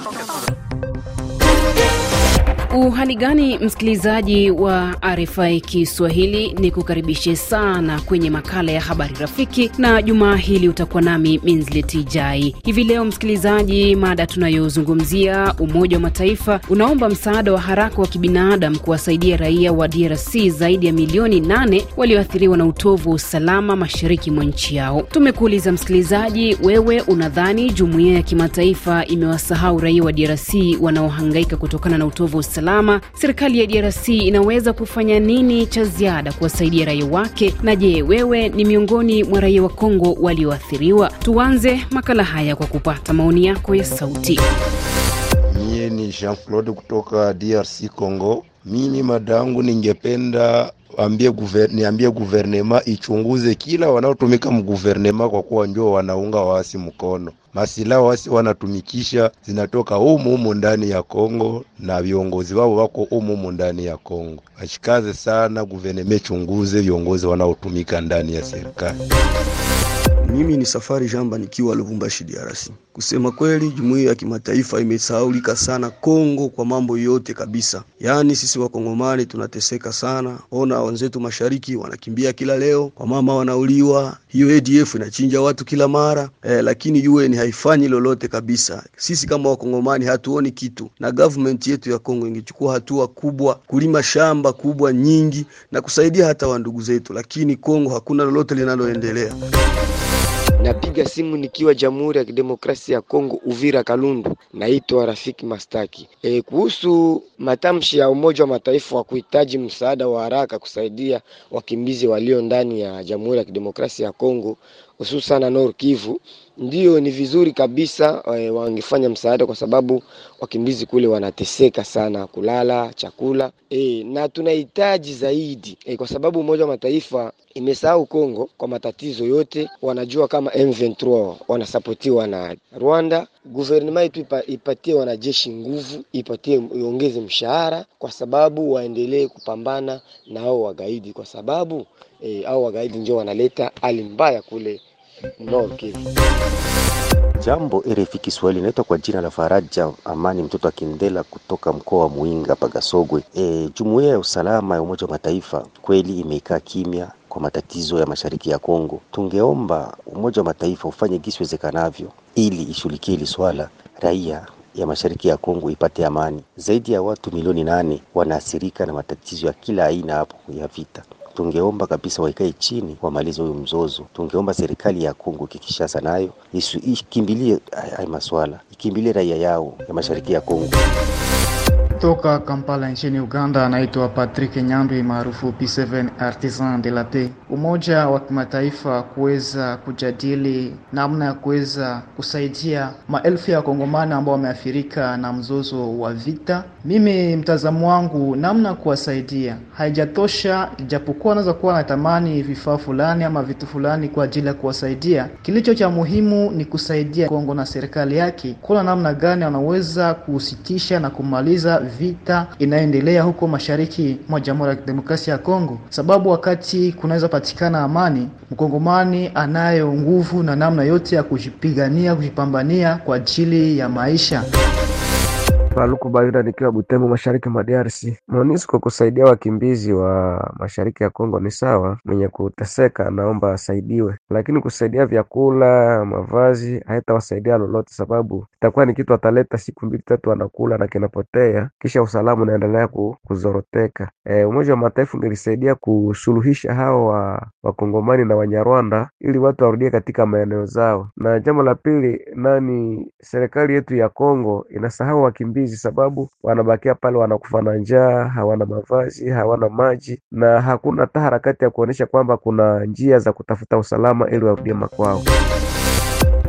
섞였어. Uhali gani msikilizaji wa RFI Kiswahili, ni kukaribishe sana kwenye makala ya habari rafiki, na jumaa hili utakuwa nami Minzleti Jai. Hivi leo msikilizaji, mada tunayozungumzia, Umoja wa Mataifa unaomba msaada wa haraka wa kibinadamu kuwasaidia raia wa DRC zaidi ya milioni nane walioathiriwa na utovu wa usalama mashariki mwa nchi yao. Tumekuuliza msikilizaji, wewe unadhani jumuiya ya kimataifa imewasahau raia wa DRC wanaohangaika kutokana na utovu wa usalama usalama, serikali ya DRC inaweza kufanya nini cha ziada kuwasaidia raia wake? Na je, wewe ni miongoni mwa raia wa Kongo walioathiriwa? Tuanze makala haya kwa kupata maoni yako ya sauti. Mie ni Jean Claude kutoka DRC Congo. Mimi madangu ningependa ambie guver, niambie guvernema ichunguze kila wanaotumika mguvernema, kwa kuwa njo wanaunga waasi mkono. masila wasi wanatumikisha zinatoka umu umu ndani ya Kongo, na viongozi wao wako umu umu ndani ya Kongo. Ashikaze sana, guvernema ichunguze viongozi wanaotumika ndani ya serikali. Mimi ni Safari Jamba nikiwa Lubumbashi DRC. Kusema kweli, jumuiya ya kimataifa imesahaulika sana Kongo kwa mambo yote kabisa. Yaani sisi wakongomani tunateseka sana, ona wenzetu mashariki wanakimbia kila leo, wamama wanauliwa, hiyo ADF inachinja watu kila mara eh, lakini UN haifanyi lolote kabisa. Sisi kama wakongomani hatuoni kitu, na government yetu ya Kongo ingechukua hatua kubwa kulima shamba kubwa nyingi na kusaidia hata wandugu zetu, lakini Kongo hakuna lolote linaloendelea. Napiga simu nikiwa Jamhuri ya Kidemokrasia ya Kongo, Uvira, Kalundu. Naitwa Rafiki Mastaki. E, kuhusu matamshi ya Umoja wa Mataifa wa kuhitaji msaada wa haraka kusaidia wakimbizi walio ndani ya Jamhuri ya Kidemokrasia ya Kongo hususan Nord Kivu, ndio ni vizuri kabisa e, wangefanya msaada kwa sababu wakimbizi kule wanateseka sana, kulala, chakula e, na tunahitaji zaidi e, kwa sababu Umoja wa Mataifa imesahau Kongo kwa matatizo yote. Wanajua kama M23 wanasapotiwa na Rwanda. Guvernema yetu ipatie wanajeshi nguvu, ipatie iongeze mshahara, kwa sababu waendelee kupambana na hao wagaidi, kwa sababu eh, hao wagaidi ndio wanaleta hali mbaya kule Nord Kivu. Jambo RFI Kiswahili, inaitwa kwa jina la Faraja Amani mtoto wa Kindela kutoka mkoa wa Muinga Pagasogwe. E, jumuiya ya usalama ya Umoja wa Mataifa kweli imeikaa kimya kwa matatizo ya mashariki ya Kongo. Tungeomba Umoja wa Mataifa ufanye gisi iwezekanavyo ili ishughulikie hili swala, raia ya mashariki ya Kongo ipate amani. Zaidi ya watu milioni nane wanaathirika na matatizo ya kila aina hapo ya vita tungeomba kabisa waikae chini, wamalize huyu mzozo. Tungeomba serikali ya Kongo Kikishasa nayo isu ikimbilie haya maswala, ikimbilie raia yao ya mashariki ya Kongo. Toka Kampala nchini Uganda, anaitwa Patrick Nyandwi maarufu P7 Artisan de la Paix. Umoja wa kimataifa kuweza kujadili namna ya kuweza kusaidia maelfu ya wakongomani ambao wameathirika na mzozo wa vita. Mimi mtazamo wangu, namna kuwasaidia haijatosha, japokuwa anaweza kuwa anatamani vifaa fulani ama vitu fulani kwa ajili ya kuwasaidia. Kilicho cha muhimu ni kusaidia Kongo na serikali yake kuna namna gani wanaweza kusitisha na kumaliza vita inayoendelea huko mashariki mwa Jamhuri ya demokrasia ya Kongo, sababu wakati kunaweza patikana amani, mkongomani anayo nguvu na namna yote ya kujipigania, kujipambania kwa ajili ya maisha. Paluku Bayuda nikiwa Butembo, mashariki mwa DRC. MONUSCO kusaidia wakimbizi wa mashariki ya Kongo ni sawa, mwenye kuteseka anaomba asaidiwe, lakini kusaidia vyakula, mavazi haitawasaidia lolote, sababu itakuwa ni kitu ataleta siku mbili tatu anakula na kinapotea, kisha usalama unaendelea kuzoroteka. E, Umoja wa Mataifa ungelisaidia kusuluhisha hawa wakongomani na Wanyarwanda ili watu warudie katika maeneo zao. Na jambo la pili nani, serikali yetu ya Kongo inasahau wakimbizi hizi sababu wanabakia pale, wanakufa na njaa, hawana mavazi, hawana maji na hakuna hata harakati ya kuonyesha kwamba kuna njia za kutafuta usalama ili warudie makwao.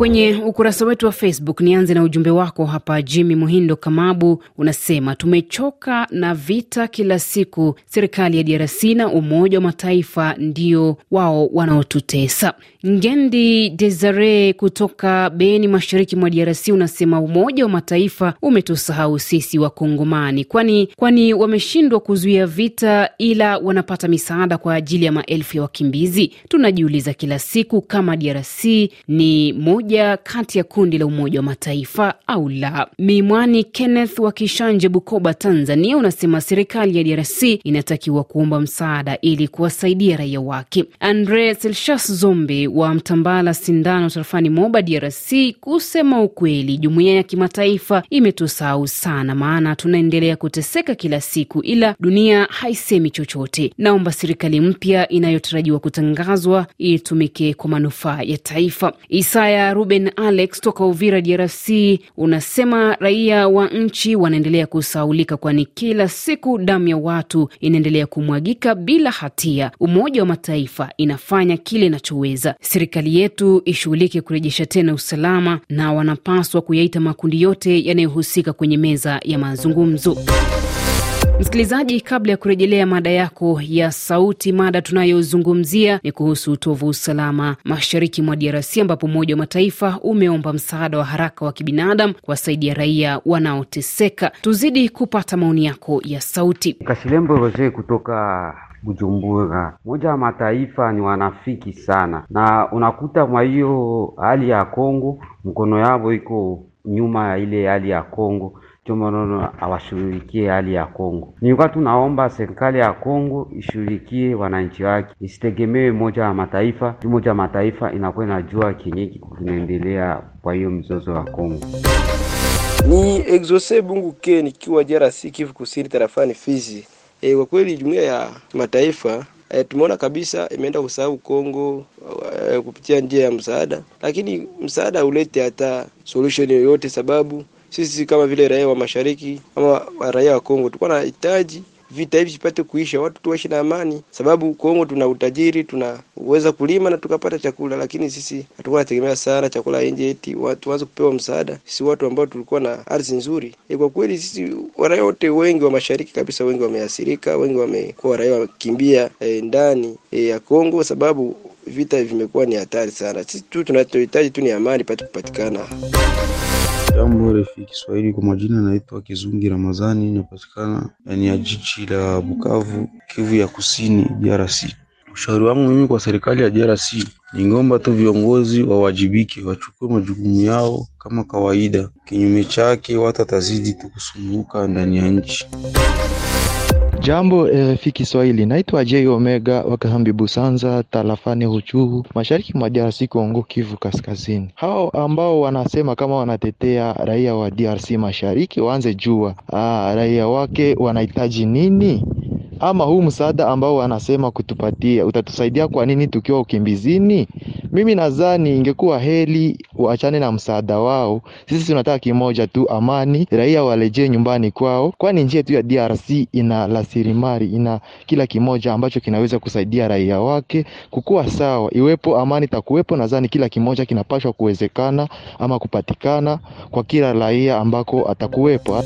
Kwenye ukurasa wetu wa Facebook, nianze na ujumbe wako hapa. Jimmy Muhindo Kamabu unasema tumechoka na vita kila siku, serikali ya DRC na Umoja wa Mataifa ndio wao wanaotutesa. Ngendi Desare kutoka Beni, mashariki mwa DRC unasema Umoja wa Mataifa umetusahau sisi Wakongomani, kwani kwani wameshindwa kuzuia vita, ila wanapata misaada kwa ajili ya maelfu ya wakimbizi. Tunajiuliza kila siku kama DRC ni moja moja kati ya kundi la Umoja wa Mataifa au la. Miimwani Kenneth wa Kishanje, Bukoba, Tanzania, unasema serikali ya DRC inatakiwa kuomba msaada ili kuwasaidia raia wake. Andre Selshas Zombe wa Mtambala Sindano, tarafani Moba, DRC, kusema ukweli, jumuiya ya kimataifa imetusahau sana, maana tunaendelea kuteseka kila siku, ila dunia haisemi chochote. Naomba serikali mpya inayotarajiwa kutangazwa itumike kwa manufaa ya taifa. Isaya Ruben Alex toka Uvira, DRC, unasema raia wa nchi wanaendelea kusaulika, kwani kila siku damu ya watu inaendelea kumwagika bila hatia. Umoja wa Mataifa inafanya kile inachoweza, serikali yetu ishughulike kurejesha tena usalama, na wanapaswa kuyaita makundi yote yanayohusika kwenye meza ya mazungumzo. Msikilizaji, kabla ya kurejelea mada yako ya sauti, mada tunayozungumzia ni kuhusu utovu usalama mashariki mwa DRC ambapo Umoja wa Mataifa umeomba msaada wa haraka wa kibinadamu kuwasaidia raia wanaoteseka. Tuzidi kupata maoni yako ya sauti. Kashilembo Roje kutoka Bujumbura. Moja wa Mataifa ni wanafiki sana, na unakuta mwa hiyo hali ya Kongo mkono yavo iko nyuma ya ile hali ya Kongo Chuma awashughulikie hali ya Kongo. Nilikuwa tunaomba serikali ya Kongo ishughulikie wananchi wake, isitegemewe moja ya mataifa juu moja ya mataifa inakuwa inajua kinyiki kinaendelea kwa hiyo mzozo wa Kongo. Ni Exose Bungu ke nikiwa DRC Kivu Kusini tarafani Fizi. E, kwa kweli jumuiya ya mataifa E, tumeona kabisa imeenda kusahau Kongo e, kupitia njia ya msaada, lakini msaada ulete hata solution yoyote, sababu sisi kama vile raia wa mashariki ama raia wa Kongo tulikuwa tunahitaji vita hivi vipate kuisha, watu tuishi na amani, sababu Kongo tuna utajiri, tunaweza kulima na tukapata chakula. Lakini sisi hatukuwa nategemea sana chakula nje, eti watu waanze kupewa msaada. Sisi watu ambao tulikuwa na ardhi nzuri e, kwa kweli sisi waraia wote wengi wa mashariki kabisa, wengi wameathirika, wengi wamekuwa waraia wakimbia e, ndani e, ya Kongo, sababu vita vimekuwa ni hatari sana. Sisi tu tunachohitaji tu ni amani pate kupatikana. Jambo refi Kiswahili, kwa majina naitwa Kizungi Ramadhani, napatikana ndani ya jiji la Bukavu, Kivu ya Kusini, DRC. Ushauri wangu mimi kwa serikali ya DRC ni ngomba tu viongozi wawajibike, wachukue majukumu yao kama kawaida. Kinyume chake, watu watazidi tu kusumbuka ndani ya nchi. Jambo RFI Kiswahili, naitwa J Omega wa Kahambi Busanza, tarafani Ruchuru, mashariki mwa DRC Kongo, Kivu Kaskazini. Hao ambao wanasema kama wanatetea raia wa DRC mashariki waanze jua, ah, raia wake wanahitaji nini? ama huu msaada ambao wanasema kutupatia utatusaidia kwa nini tukiwa ukimbizini? Mimi nadhani ingekuwa heli waachane na msaada wao. Sisi tunataka kimoja tu, amani, raia warejee nyumbani kwao, kwani nchi yetu ya DRC ina rasilimali, ina kila kimoja ambacho kinaweza kusaidia raia wake kukuwa sawa. Iwepo amani takuwepo, nadhani kila kimoja kinapaswa kuwezekana ama kupatikana kwa kila raia ambako atakuwepo.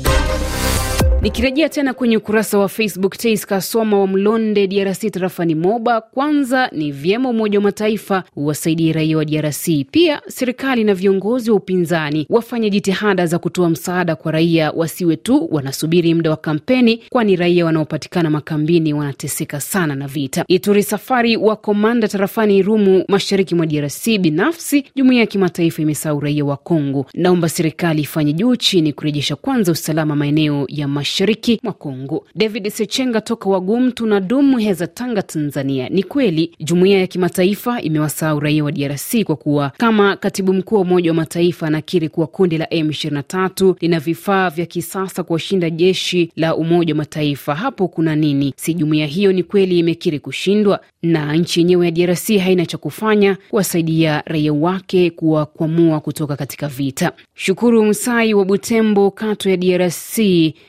Nikirejea tena kwenye ukurasa wa Facebook, Tais Kasoma wa Mlonde, DRC, tarafani Moba, kwanza ni vyema Umoja wa Mataifa uwasaidie raia wa DRC, pia serikali na viongozi wa upinzani wafanye jitihada za kutoa msaada kwa raia, wasiwe tu wanasubiri muda wa kampeni, kwani raia wanaopatikana makambini wanateseka sana na vita. Ituri Safari wa Komanda, tarafani Irumu, mashariki mwa DRC, binafsi jumuiya ya kimataifa imesahau raia wa Kongo. Naomba serikali ifanye juu chini kurejesha kwanza usalama maeneo ya mash mashariki mwa Kongo. David Sechenga toka Wagumtu na dumu Heza, Tanga, Tanzania. Ni kweli jumuiya ya kimataifa imewasahau raia wa DRC kwa kuwa kama katibu mkuu wa Umoja wa Mataifa anakiri kuwa kundi la M23 lina vifaa vya kisasa kuwashinda jeshi la Umoja wa Mataifa. Hapo kuna nini? Si jumuiya hiyo ni kweli imekiri kushindwa na nchi yenyewe ya DRC haina cha kufanya kuwasaidia raia wake kuwakwamua kutoka katika vita. Shukuru Msai wa Butembo, Kato ya DRC,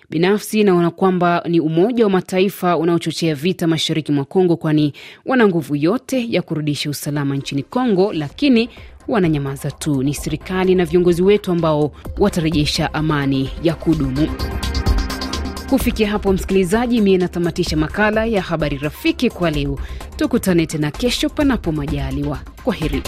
binafsi naona kwamba ni Umoja wa Mataifa unaochochea vita mashariki mwa Kongo, kwani wana nguvu yote ya kurudisha usalama nchini Kongo, lakini wananyamaza tu. Ni serikali na viongozi wetu ambao watarejesha amani ya kudumu. Kufikia hapo, msikilizaji, mie natamatisha makala ya habari rafiki kwa leo. Tukutane tena kesho, panapo majaliwa. Kwa heri.